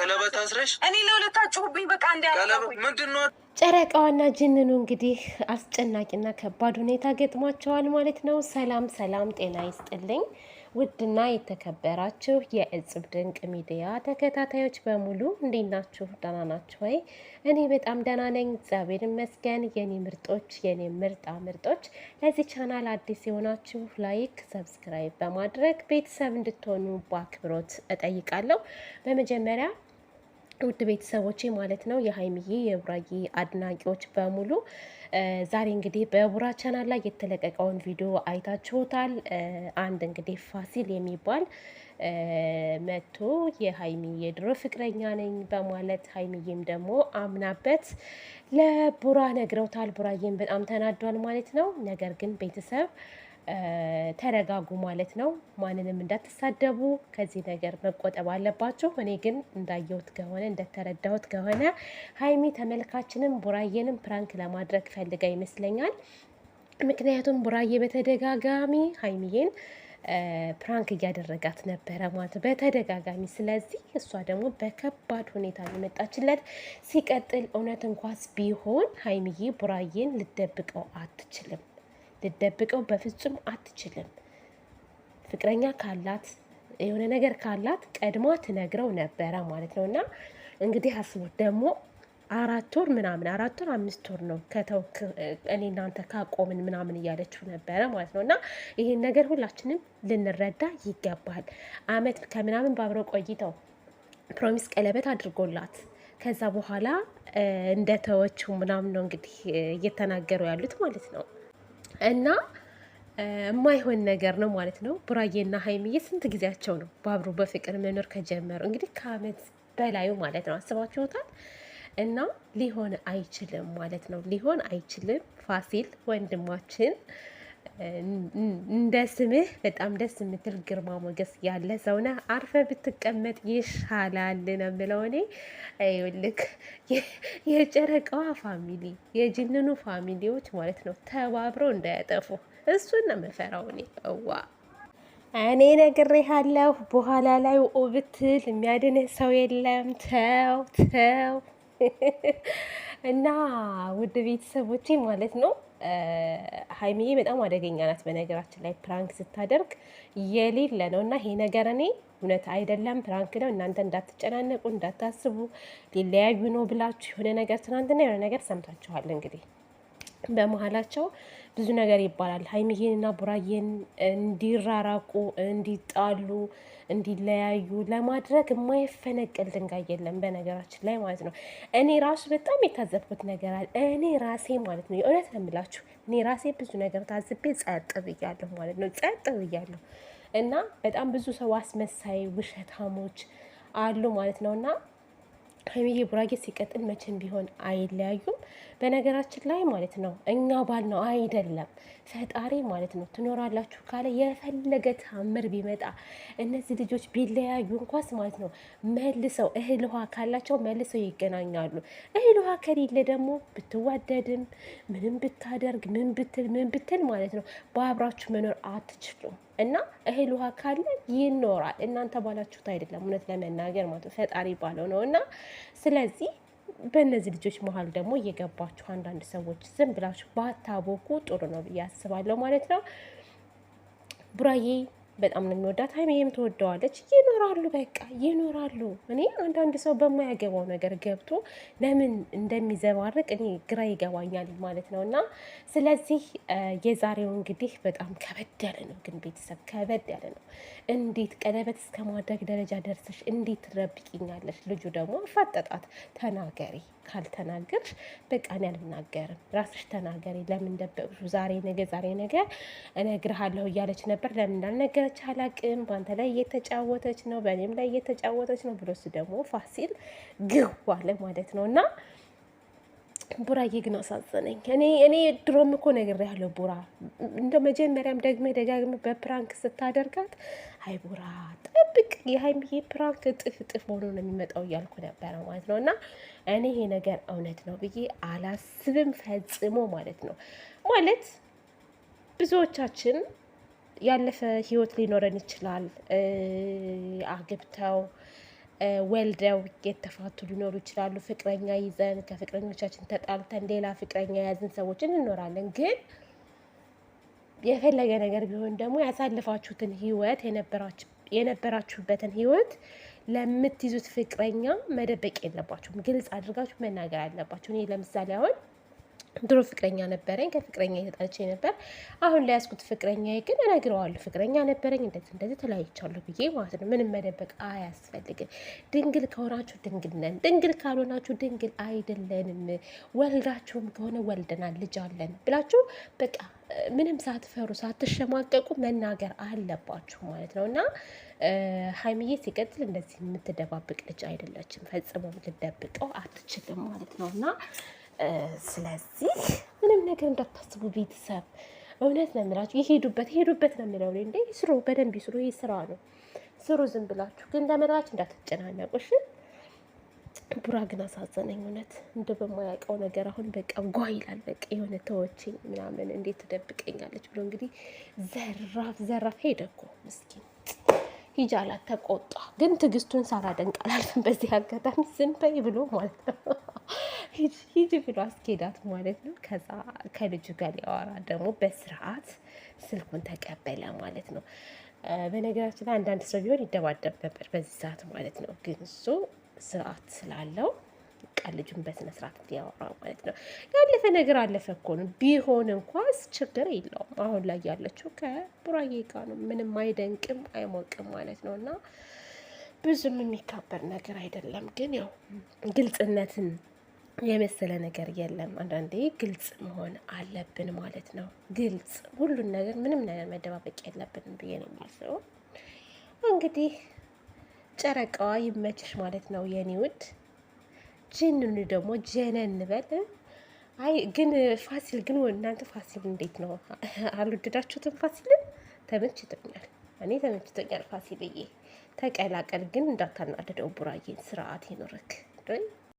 ቀለበት አስረሽ እኔ ለሁለታችሁብኝ በቃ ምንድን ነው? ጨረቃዋና ጅንኑ እንግዲህ አስጨናቂና ከባድ ሁኔታ ገጥሟቸዋል ማለት ነው። ሰላም ሰላም፣ ጤና ይስጥልኝ ውድና የተከበራችሁ የእጽብ ድንቅ ሚዲያ ተከታታዮች በሙሉ እንዴት ናችሁ? ደህና ናችሁ ወይ? እኔ በጣም ደህና ነኝ፣ እግዚአብሔር ይመስገን። የኔ ምርጦች፣ የኔ ምርጣ ምርጦች፣ ለዚህ ቻናል አዲስ የሆናችሁ ላይክ፣ ሰብስክራይብ በማድረግ ቤተሰብ እንድትሆኑ በአክብሮት እጠይቃለሁ። በመጀመሪያ ውድ ቤተሰቦቼ ማለት ነው የሀይሚዬ የቡራዬ አድናቂዎች በሙሉ ዛሬ እንግዲህ በቡራ ቻናል ላይ የተለቀቀውን ቪዲዮ አይታችሁታል። አንድ እንግዲህ ፋሲል የሚባል መቶ የሀይሚ የድሮ ፍቅረኛ ነኝ በማለት ሀይሚዬም ደግሞ አምናበት ለቡራ ነግረውታል። ቡራዬም በጣም ተናዷል ማለት ነው። ነገር ግን ቤተሰብ ተረጋጉ ማለት ነው። ማንንም እንዳትሳደቡ ከዚህ ነገር መቆጠብ አለባቸው። እኔ ግን እንዳየሁት ከሆነ እንደተረዳሁት ከሆነ ሀይሚ ተመልካችንም ቡራዬንም ፕራንክ ለማድረግ ፈልጋ ይመስለኛል። ምክንያቱም ቡራዬ በተደጋጋሚ ሀይሚዬን ፕራንክ እያደረጋት ነበረ ማለት በተደጋጋሚ። ስለዚህ እሷ ደግሞ በከባድ ሁኔታ የመጣችለት ሲቀጥል፣ እውነት እንኳስ ቢሆን ሀይሚዬ ቡራዬን ልደብቀው አትችልም። ልደብቀው በፍጹም አትችልም። ፍቅረኛ ካላት የሆነ ነገር ካላት ቀድማ ትነግረው ነበረ ማለት ነው። እና እንግዲህ አስቡት ደግሞ አራት ወር ምናምን አራት ወር አምስት ወር ነው ከተው እኔ እናንተ ካቆምን ምናምን እያለችው ነበረ ማለት ነው። እና ይህን ነገር ሁላችንም ልንረዳ ይገባል። አመት ከምናምን ባብረው ቆይተው ፕሮሚስ ቀለበት አድርጎላት ከዛ በኋላ እንደተወችው ምናምን ነው እንግዲህ እየተናገሩ ያሉት ማለት ነው። እና የማይሆን ነገር ነው ማለት ነው። ቡራዬና ሀይሚዬ ስንት ጊዜያቸው ነው በአብሮ በፍቅር መኖር ከጀመሩ እንግዲህ ከአመት በላዩ ማለት ነው። አስባችሁታል። እና ሊሆን አይችልም ማለት ነው። ሊሆን አይችልም። ፋሲል ወንድማችን እንደ ስምህ በጣም ደስ የምትል ግርማ ሞገስ ያለ ሰው ነህ። አርፈ ብትቀመጥ ይሻላል ነው የምለው እኔ። ይኸውልህ የጨረቃዋ ፋሚሊ የጅንኑ ፋሚሊዎች ማለት ነው ተባብረው እንዳያጠፉ እሱን ነው የምፈራው እኔ። እዋ እኔ ነግሬሃለሁ፣ በኋላ ላይ ብትል የሚያድንህ ሰው የለም። ተው ተው እና ውድ ቤተሰቦቼ ማለት ነው ሀይሚዬ በጣም አደገኛ ናት። በነገራችን ላይ ፕራንክ ስታደርግ የሌለ ነው እና ይሄ ነገር እኔ እውነት አይደለም፣ ፕራንክ ነው። እናንተ እንዳትጨናነቁ እንዳታስቡ፣ ሊለያዩ ነው ብላችሁ የሆነ ነገር ትናንትና የሆነ ነገር ሰምታችኋል እንግዲህ በመሀላቸው ብዙ ነገር ይባላል። ሀይሚዬንና ቡራዬን እንዲራራቁ፣ እንዲጣሉ፣ እንዲለያዩ ለማድረግ የማይፈነቅል ድንጋይ የለም በነገራችን ላይ ማለት ነው። እኔ ራሱ በጣም የታዘብኩት ነገር አለ። እኔ ራሴ ማለት ነው የእውነት ነው የምላችሁ እኔ ራሴ ብዙ ነገር ታዝቤ ጸጥ ብያለሁ ማለት ነው። ጸጥ ብያለሁ እና በጣም ብዙ ሰው አስመሳይ ውሸታሞች አሉ ማለት ነው እና ሀይሚዬ ቡራጌ ሲቀጥል መቼም ቢሆን አይለያዩም። በነገራችን ላይ ማለት ነው እኛ ባል ነው አይደለም ፈጣሪ ማለት ነው ትኖራላችሁ ካለ የፈለገ ታምር ቢመጣ እነዚህ ልጆች ቢለያዩ እንኳስ ማለት ነው መልሰው እህል ውሃ ካላቸው መልሰው ይገናኛሉ። እህል ውሃ ከሌለ ደግሞ ብትዋደድም ምንም ብታደርግ ምን ብትል ምን ብትል ማለት ነው በአብራችሁ መኖር አትችሉም። እና እህል ውሃ ካለ ይኖራል። እናንተ ባላችሁት አይደለም፣ እውነት ለመናገር ማለት ፈጣሪ ባለው ነው። እና ስለዚህ በእነዚህ ልጆች መሀል ደግሞ እየገባችሁ አንዳንድ ሰዎች ዝም ብላችሁ ባታቦኩ ጥሩ ነው ብዬ አስባለሁ ማለት ነው ቡራዬ በጣም ነው የሚወዳት። ሀይሚም ትወደዋለች። ይኖራሉ፣ በቃ ይኖራሉ። እኔ አንዳንድ ሰው በማያገባው ነገር ገብቶ ለምን እንደሚዘባርቅ እኔ ግራ ይገባኛል ማለት ነው። እና ስለዚህ የዛሬው እንግዲህ በጣም ከበድ ያለ ነው፣ ግን ቤተሰብ ከበድ ያለ ነው። እንዴት ቀለበት እስከ ማድረግ ደረጃ ደርሰሽ እንዴት ትረብቂኛለሽ? ልጁ ደግሞ አፋጠጣት፣ ተናገሪ ካልተናገርሽ በቃ እኔ አልናገርም፣ ራስሽ ተናገሪ። ለምን ደበቅሹ? ዛሬ ነገ ዛሬ ነገ እነግርሃለሁ እያለች ነበር። ለምን እንዳልነገር ነበረች አላቅም፣ በአንተ ላይ እየተጫወተች ነው፣ በእኔም ላይ እየተጫወተች ነው ብሎ እሱ ደግሞ ፋሲል ግው አለ ማለት ነው እና ቡራዬ ግን አሳዘነኝ። እኔ እኔ ድሮም እኮ ነግሬሃለሁ ቡራ እንደ መጀመሪያም ደግሜ ደጋግሜ በፕራንክ ስታደርጋት አይ ቡራ ጠብቅ የሀይሚዬ ፕራንክ እጥፍ እጥፍ ሆኖ ነው የሚመጣው እያልኩ ነበረ ማለት ነው እና እኔ ይሄ ነገር እውነት ነው ብዬ አላስብም ፈጽሞ ማለት ነው ማለት ብዙዎቻችን ያለፈ ህይወት ሊኖረን ይችላል። አግብተው ወልደው የተፋቱ ሊኖሩ ይችላሉ። ፍቅረኛ ይዘን ከፍቅረኞቻችን ተጣልተን ሌላ ፍቅረኛ የያዝን ሰዎች እንኖራለን። ግን የፈለገ ነገር ቢሆን ደግሞ ያሳለፋችሁትን ህይወት የነበራችሁበትን ህይወት ለምትይዙት ፍቅረኛ መደበቅ የለባችሁም። ግልጽ አድርጋችሁ መናገር አለባችሁ። እኔ ለምሳሌ አሁን ድሮ ፍቅረኛ ነበረኝ፣ ከፍቅረኛ የተጣልቼ ነበር። አሁን ላይ ያዝኩት ፍቅረኛ ግን እነግረዋለሁ፣ ፍቅረኛ ነበረኝ፣ እንደዚህ እንደዚህ ተለያይቻለሁ ብዬ ማለት ነው። ምንም መደበቅ አያስፈልግም። ድንግል ከሆናችሁ ድንግል ነን፣ ድንግል ካልሆናችሁ ድንግል አይደለንም። ወልዳችሁም ከሆነ ወልደናል፣ ልጅ አለን ብላችሁ በቃ ምንም ሳትፈሩ ሳትሸማቀቁ መናገር አለባችሁ ማለት ነው። እና ሀይሚዬ ሲቀጥል እንደዚህ የምትደባብቅ ልጅ አይደለችም፣ ፈጽሞ ልደብቀው አትችልም ማለት ነው እና ስለዚህ ምንም ነገር እንዳታስቡ ቤተሰብ፣ እውነት ነው የምላችሁ። ይሄዱበት ይሄዱበት ነው የሚለው እንደ ስሩ፣ በደንብ ስሩ። ይህ ስራ ነው ስሩ፣ ዝም ብላችሁ ግን ለመራች እንዳትጨናነቁሽ። ቡራ ግን አሳዘነኝ እውነት እንደ በማያውቀው ነገር አሁን በቃ ጓ ይላል። በቃ የሆነ ተወችኝ ምናምን እንዴት ትደብቀኛለች ብሎ እንግዲህ ዘራፍ ዘራፍ ሄደ እኮ ምስኪን ሂጃላት ተቆጣ ግን ትዕግስቱን ሳላደንቅ አላልፍም። በዚህ አጋጣሚ ዝም በይ ብሎ ማለት ነው ሂድ ብሎ አስኬዳት ማለት ነው። ከዛ ከልጁ ጋር ሊያወራ ደግሞ በስርዓት ስልኩን ተቀበለ ማለት ነው። በነገራችን ላይ አንዳንድ ሰው ቢሆን ይደባደብ ነበር በዚህ ሰዓት ማለት ነው። ግን እሱ ስርዓት ስላለው ልጁን በስነ ስርዓት እንዲያወራ ማለት ነው። ያለፈ ነገር አለፈ እኮ ነው። ቢሆን እንኳስ ችግር የለውም። አሁን ላይ ያለችው ከቡራዬ ጋር ነው። ምንም አይደንቅም አይሞቅም ማለት ነው። እና ብዙም የሚካበር ነገር አይደለም። ግን ያው ግልጽነትን የመሰለ ነገር የለም። አንዳንዴ ግልጽ መሆን አለብን ማለት ነው። ግልጽ ሁሉን ነገር ምንም ነገር መደባበቅ የለብንም ብዬ ነው የማስበው። እንግዲህ ጨረቃዋ ይመችሽ ማለት ነው የኔ ውድ። ጅንኑ ደግሞ ጀነን በል። አይ ግን ፋሲል ግን እናንተ ፋሲል እንዴት ነው አልወደዳችሁትም? ፋሲልን ተመችቶኛል። እኔ ተመችቶኛል ፋሲልዬ፣ ተቀላቀል ግን እንዳታናደደው ቡራዬን። ስርዓት ይኖርክ